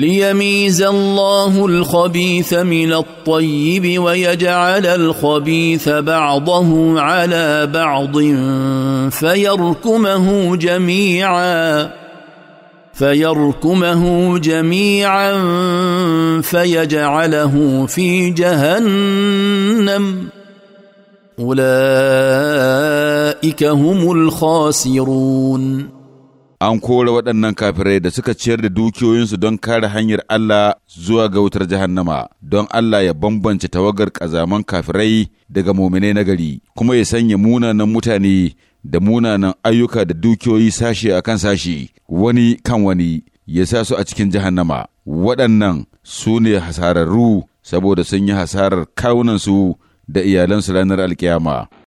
ليميز الله الخبيث من الطيب ويجعل الخبيث بعضه على بعض فيركمه جميعا فيركمه جميعا فيجعله في جهنم اولئك هم الخاسرون an kora waɗannan kafirai da suka ciyar da dukiyoyinsu don kare hanyar Allah zuwa ga wutar jahannama don Allah ya bambance tawagar ƙazaman kafirai daga muminai na gari kuma ya sanya munanan mutane da munanan ayyuka da dukiyoyi sashe a kan sashi wani kan wani ya sa su a cikin jahannama waɗannan su ne hasararru saboda sun yi hasarar kawunansu da iyalansu ranar alkiyama.